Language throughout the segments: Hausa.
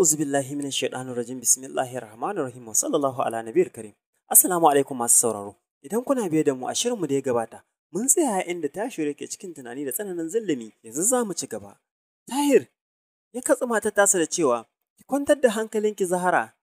a'udhu billahi minash shaitanir rajim bismillahir rahmanir rahim wa sallallahu ala nabiyir karim assalamu alaikum masu sauraro idan kuna biye da mu a shirinmu da ya gabata mun tsaya inda tashi yake cikin tunani da tsananin zillimi yanzu za mu ci gaba tahir ya katsa matar tasa da cewa ki kwantar da hankalinki zahara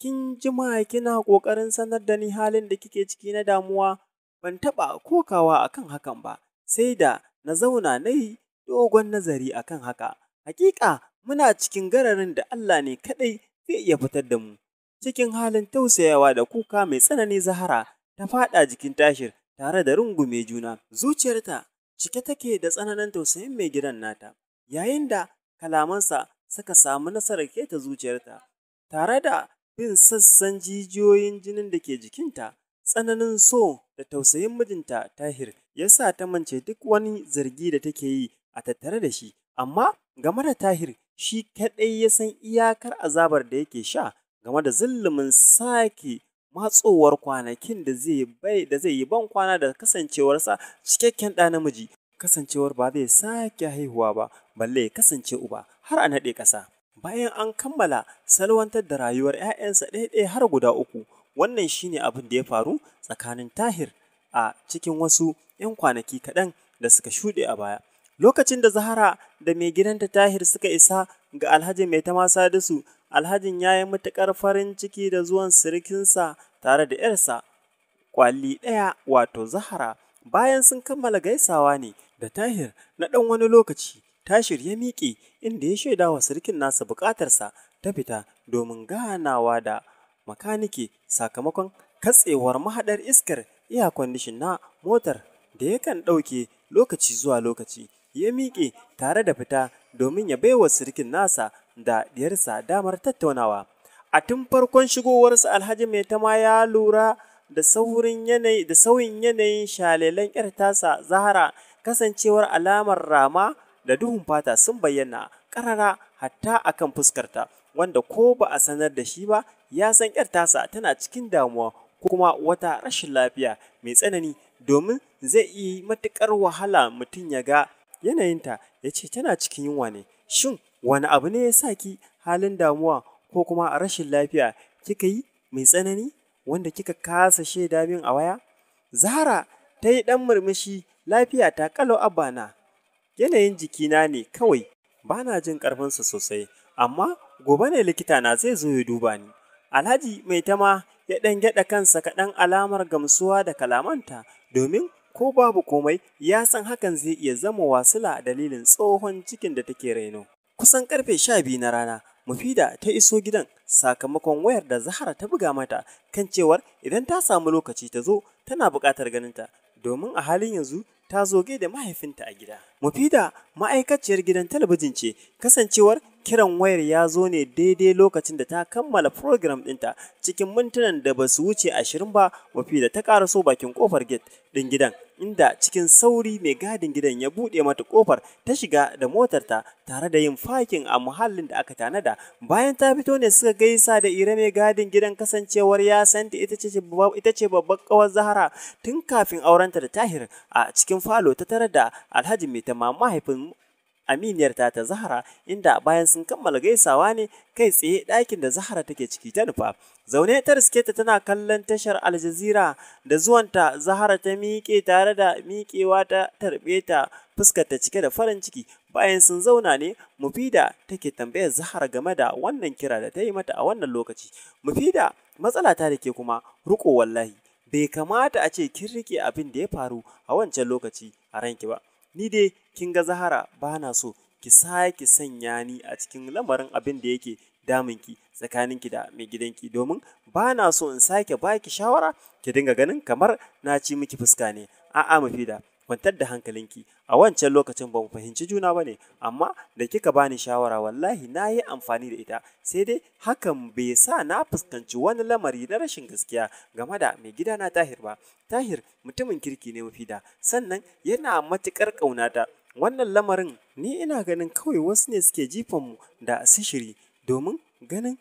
kin jima kina kokarin sanar da ni halin da kike ciki na damuwa ban taɓa kokawa akan hakan ba sai da na zauna nayi dogon nazari akan haka hakika muna cikin gararin da Allah ne kaɗai zai iya fitar da mu. Cikin halin tausayawa da kuka mai tsanani Zahara ta faɗa jikin Tashir tare da rungume juna. Zuciyarta cike take da tsananin tausayin mai gidan nata, yayin da kalamansa suka samu nasarar keta zuciyarta, tare da bin sassan jijiyoyin jinin da ke jikinta. Tsananin so da tausayin mijinta Tahir ya sa ta mance duk wani zargi da take yi a tattare da shi, amma game da Tahir shi kaɗai ya san iyakar azabar da yake sha game da zillumin sake matsowar kwanakin da zai yi ban kwana da kasancewarsa cikakken ɗa namiji kasancewar ba zai sake haihuwa ba balle ya kasance uba har a naɗe ƙasa bayan an kammala salwantar da rayuwar 'ya'yansa ɗaya-ɗaya har guda uku wannan shine abin da ya faru tsakanin tahir a cikin wasu 'yan kwanaki kaɗan da suka shuɗe a baya Lokacin da Zahara da mai gidanta Tahir suka isa ga Alhaji mai da su, Alhajin ya yi matuƙar farin ciki da zuwan sirikinsa tare da ‘yarsa, kwalli ɗaya wato Zahara. Bayan sun kammala gaisawa ne da Tahir na ɗan wani lokaci, Tashir ya miƙe inda ya shaida wa sirikin nasa buƙatarsa ta fita domin ganawa da makanike sakamakon katsewar mahaɗar iskar iya kwandishin na motar da yakan ɗauke lokaci zuwa lokaci. ya miƙe tare da fita domin ya baiwa sirkin nasa da diyarsa damar tattaunawa. A tun farkon shigowarsa Alhaji mai tama ya lura da saurin yanayi da sauyin yanayin shalelan ƴar tasa Zahara kasancewar alamar rama da duhun fata sun bayyana ƙarara hatta akan fuskarta wanda ko ba a sanar da shi ba ya san ƴar tasa tana cikin damuwa ko kuma wata rashin lafiya mai tsanani domin zai yi matuƙar wahala mutum ya ga yanayinta ya ce tana cikin yunwa ne shin wani abu ne ya sa ki halin damuwa ko kuma a rashin lafiya kika yi mai tsanani wanda kika kasa shaida min a waya zahara ta yi ɗan murmushi lafiya ta kalau abana yanayin jikina ne kawai ba na jin ƙarfinsa sosai amma gobe ne likita na zai zo ya duba ni alhaji mai tama ya ɗan gyaɗa kansa kaɗan alamar gamsuwa da kalamanta domin ko babu komai ya san hakan zai iya zama wasila a dalilin tsohon cikin da take raino. Kusan karfe sha biyu na rana, Mufida ta iso gidan sakamakon wayar da Zahara ta buga mata kan cewar idan ta samu lokaci ta zo tana buƙatar ganinta domin a halin yanzu ta zoge da mahaifinta a gida. Mufida ma'aikaciyar gidan talabijin ce kasancewar kiran wayar ya zo ne daidai lokacin da ta kammala program ɗinta cikin mintunan da ba su wuce ashirin ba Mufida ta ƙara so bakin kofar gate ɗin gidan inda cikin sauri mai gadin gidan ya buɗe mata ƙofar ta shiga da motarta tare da yin fakin a muhallin da aka tanada. Bayan ta fito ne suka gaisa da ire mai gadin gidan kasancewar ya santa ita ce babbar ƙawar Zahara tun kafin aurenta da Tahir a cikin falo ta tare da Alhaji mai tama mahaifin aminiyarta ta Zahra inda bayan sun kammala gaisawa ne kai tsaye ɗakin da Zahra take ciki ta nufa. Zaune ta riske ta tana kallon tashar aljazira da zuwanta Zahra ta miƙe tare da miƙewa ta tarbe ta fuskar ta cike da farin ciki. Bayan sun zauna ne Mufida take tambayar Zahra game da wannan kira da ta yi mata a wannan lokaci. Mufida matsala ta da ke kuma riƙo wallahi. Bai kamata a ce kin rike abin da ya faru a wancan lokaci a ranki ba. ni dai kin ga zahara ba na so ki sake sanya ni a cikin lamarin abin da yake damun ki tsakanin ki da mai gidanki domin ba na so in sake baki shawara ki dinga ganin kamar na ci miki fuska ne a'a mafi da kwantar da hankalinki a wancan lokacin ba mu fahimci juna ba ne amma da kika bani shawara wallahi na yi amfani da ita sai dai hakan bai sa na fuskanci wani lamari na rashin gaskiya game da mai gida na tahir ba tahir mutumin kirki ne mafi da. sannan yana matuƙar ƙaunata wannan lamarin ni ina ganin kawai wasu ne suke jifan mu da sishiri domin ganin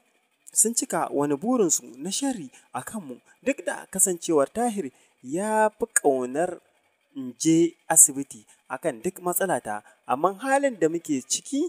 sun cika wani burinsu na shari a kanmu duk da kasancewar tahir ya fi ƙaunar in je asibiti akan duk matsalata amma halin da muke ciki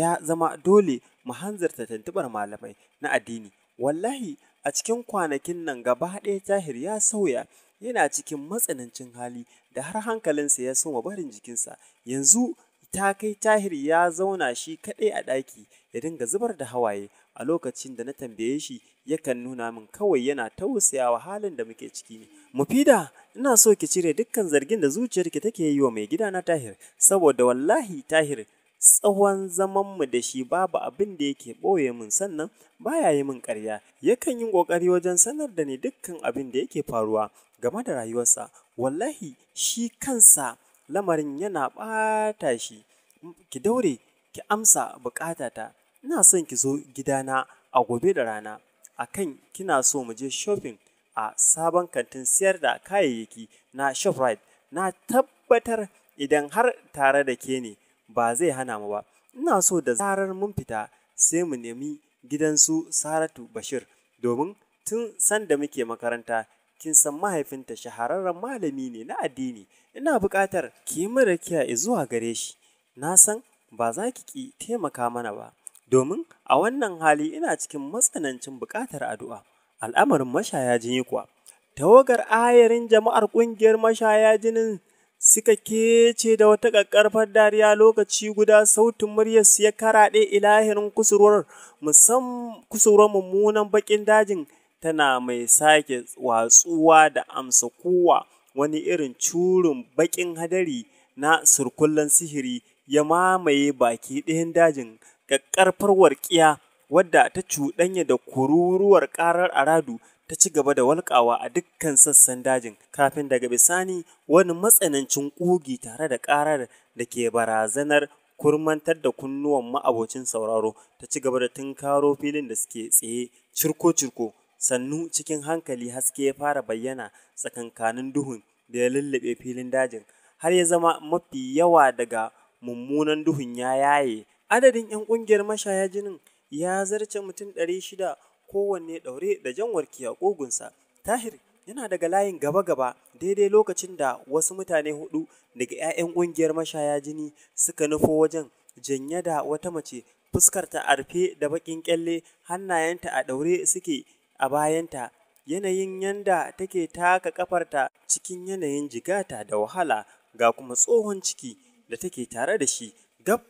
ya zama dole mu hanzarta tuntuɓar malamai na addini wallahi a cikin kwanakin nan gaba ɗaya tahir ya sauya yana cikin matsanancin hali da har hankalinsa ya soma barin jikinsa yanzu ta kai tahir ya zauna shi kaɗai a ɗaki ya dinga zubar da hawaye a lokacin da na tambaye shi yakan nuna min kawai yana tausayawa halin da muke ciki ne. Mufida, ina so ki cire dukkan zargin da zuciyarki take yi wa mai gida na Tahir, saboda wallahi Tahir tsawon mu da shi babu abin da yake ɓoye min sannan baya yi min ƙarya, yakan yi ƙoƙari wajen sanar da ni dukkan abin da yake faruwa game da rayuwarsa, wallahi shi kansa lamarin yana ɓata shi, ki daure, ki amsa buƙatata. ina son ki zo gidana a gobe da rana a kan kina so mu je shopping a sabon kantin siyar da kayayyaki na shoprite na tabbatar idan har tare da ke ne ba zai hana mu ba ina so da zarar mun fita sai mu nemi gidansu saratu bashir domin tun sanda muke makaranta kin san mahaifinta shahararren malami ne na addini ina buƙatar ki yi kiya zuwa gare shi na san ba za ki ki taimaka mana ba domin a wannan hali ina cikin matsanancin buƙatar addu'a. Al'amarin mashaya jini kuwa, tawagar ayarin jama'ar ƙungiyar mashaya jinin suka kece da wata ƙaƙƙarfar dariya lokaci guda sautin muryarsu ya karaɗe ilahirin kusurwar musamman mummunan baƙin dajin tana mai sake watsuwa da amsa kowa wani irin curin baƙin hadari na surkullen sihiri ya mamaye baki ɗayan dajin ƙaƙƙarfar walƙiya wadda ta cuɗanya da kururuwar ƙarar aradu ta ci gaba da walƙawa a dukkan sassan dajin kafin daga bisani wani matsanancin ƙugi tare da ƙarar da ke barazanar kurmantar da kunnuwan ma'abocin sauraro ta ci gaba da tunkaro filin da suke tsaye cirko-cirko sannu cikin hankali haske ya fara bayyana tsakankanin duhun da ya lullube filin dajin har ya zama mafi yawa daga mummunan duhun ya yaye Adadin 'yan ƙungiyar mashaya jinin ya zarce mutum ɗari shida kowanne ɗaure da jan a ƙugunsa. Tahir yana daga layin gaba-gaba daidai lokacin da wasu mutane hudu daga 'ya'yan ƙungiyar mashaya jini suka nufo wajen janye da wata mace fuskar ta rufe da baƙin ƙyalle hannayenta a ɗaure suke a bayanta yanayin yanda take taka ƙafarta cikin yanayin jigata da wahala ga kuma tsohon ciki da take tare da shi gab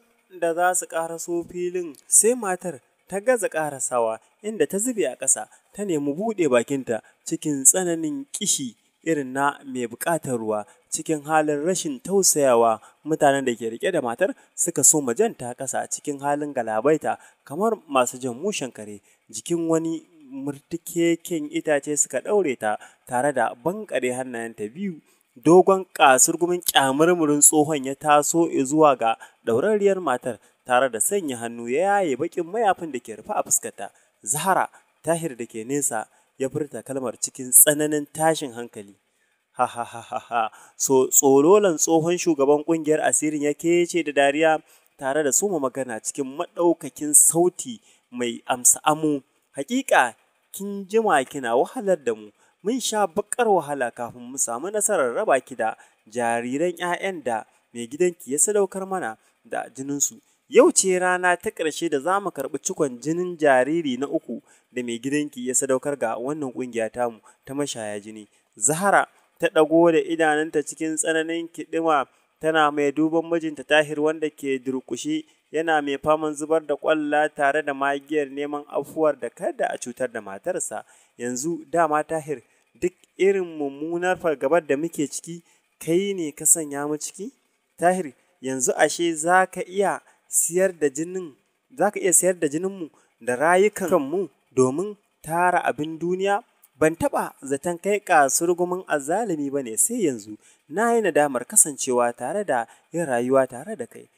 da za su ƙaraso filin sai matar ta gaza ƙarasawa inda ta zube a ƙasa ta nemi buɗe bakinta cikin tsananin ƙishi irin na mai buƙatar ruwa cikin halin rashin tausayawa mutanen da ke rike da matar suka so majanta ƙasa cikin halin galabaita kamar masu jan mushen kare jikin wani murtikekin itace suka ɗaure ta tare da bankare hannayenta biyu dogon ƙasar gumin ƙyamurmurin tsohon ya taso zuwa ga ɗaurariyar matar tare da sanya hannu ya yaye baƙin mayafin da ke rufe a fuskarta zahara tahir da ke nesa ya furta kalmar cikin tsananin tashin hankali ha ha ha ha so tsololan tsohon shugaban ƙungiyar asirin ya kece da dariya tare da suma magana cikin maɗaukakin sauti mai amsa amu hakika kin jima kina wahalar da mu mun sha bakar wahala kafin mu samu nasarar raba ki da jariran 'ya'yan da mai gidanki ya sadaukar mana da jininsu. Yau ce rana ta ƙarshe da za mu karɓi cikon jinin jariri na uku da mai gidanki ya sadaukar ga wannan ƙungiya tamu ta mashaya jini. Zahara ta ɗago da idanunta cikin tsananin kiɗima tana mai duban mijinta Tahir wanda ke durƙushi yana mai faman zubar da ƙwalla tare da magiyar neman afuwar da kada a cutar da matarsa. Yanzu dama Tahir duk irin mummunar fargabar da muke ciki kai ne ka sanya mu ciki tahir yanzu ashe za ka iya siyar da jinin za ka iya siyar da jininmu da rayukanmu domin tara abin duniya ban taɓa zaton kai kasurgumin azalimi ba ne sai yanzu na yi nadamar kasancewa tare da yin rayuwa tare da kai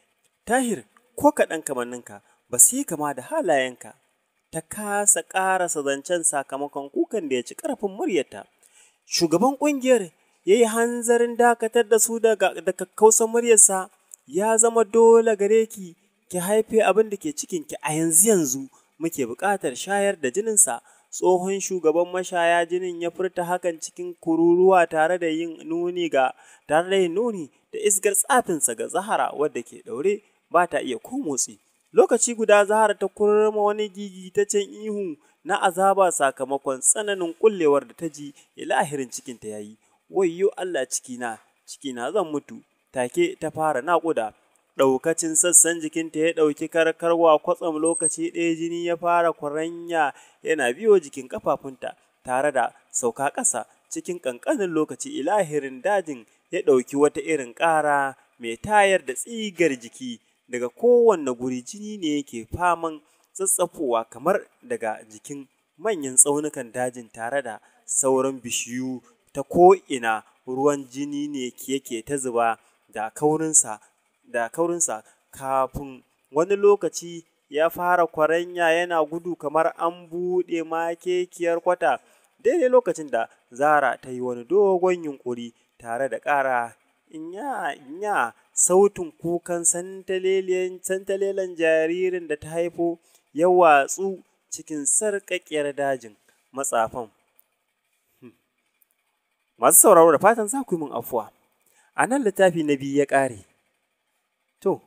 tahir ko kaɗan kamanninka ba su yi kama da halayenka ta kasa ƙarasa zancen sakamakon kukan da ya ci ƙarfin muryarta. Shugaban ƙungiyar ya yi hanzarin dakatar da su daga kakkausan muryarsa ya zama dole gare ki ki haife abin da ke cikinki a yanzu yanzu muke buƙatar shayar da jininsa tsohon shugaban mashaya jinin ya furta hakan cikin kururuwa tare da yin nuni ga tare da yin nuni da isgar tsafinsa ga zahara wadda ke ɗaure ba ta iya ko motsi Lokaci guda Zahara ta kurma wani gigitaccen ihu na azaba sakamakon tsananin kullewar da ta ji ilahirin cikinta ya yi, wayyo Allah cikina, cikina zan mutu, take ta fara naƙuda. Ɗaukacin sassan jikinta ya ɗauki karkarwa kwatsam lokaci ɗaya jini ya fara kwaranya yana biyo jikin ƙafafunta tare da sauka ƙasa cikin ƙanƙanin lokaci ilahirin dajin ya ɗauki wata irin ƙara mai tayar da tsigar jiki. daga kowanne guri jini ne yake faman tsatsafowa kamar daga jikin manyan tsaunukan dajin tare da sauran bishiyu ta ko'ina ruwan jini ne yake ta zuba da kaurinsa kafin wani lokaci ya fara kwaranya yana gudu kamar an buɗe makekiyar kwata daidai lokacin da zara ta yi wani dogon yunƙuri tare da ƙara inya inya sautin kukan santalelen jaririn da ta haifo ya watsu cikin sarƙaƙiyar dajin matsafan. Hmm. Masu sauraro da fatan za ku yi min afuwa, a nan littafi na biyu ya ƙare. To,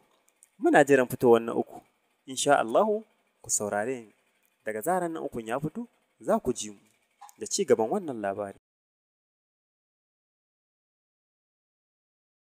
muna jiran fitowar na uku, insha Allahu ku saurare daga zarar na ukun ya fito za ku ji mu da ci gaban wannan labari.